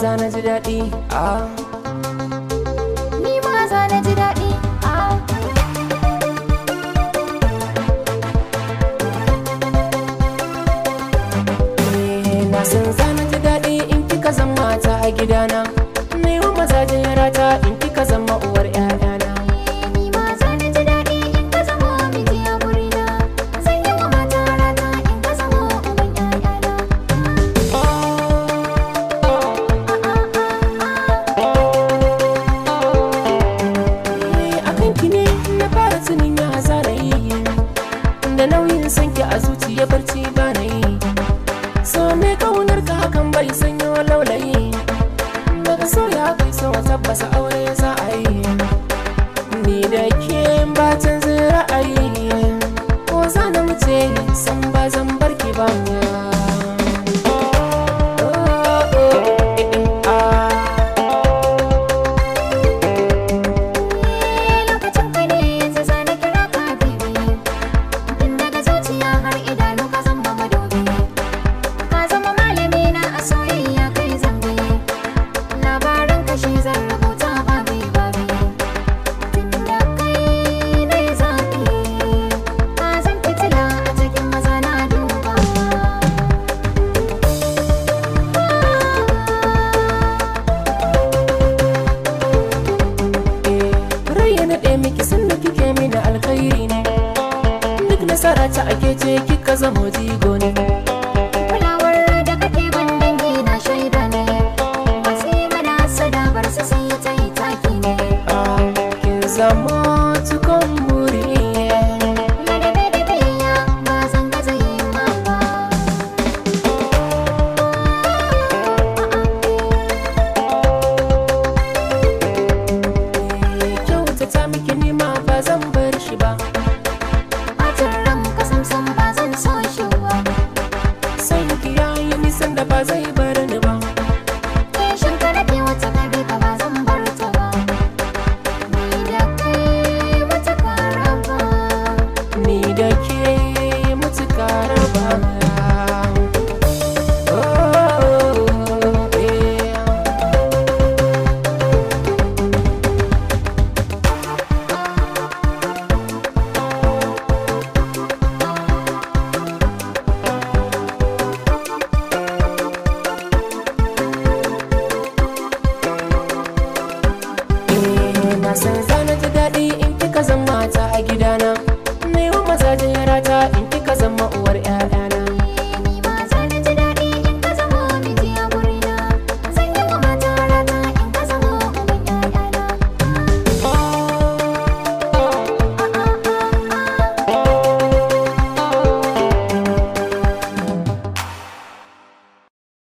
Zana ji daɗi a Ni zana ji daɗi a eh, Na san zana ji daɗi in kika zama mata a gidana Na ma mazajin yara ta in tabbasa aure ta ake ce kika zama jigo ne kulawar da kake ban dangi na shaiba ne masu mana sadabar su sai ta yi taki ne ah, zama wanda ba zai sao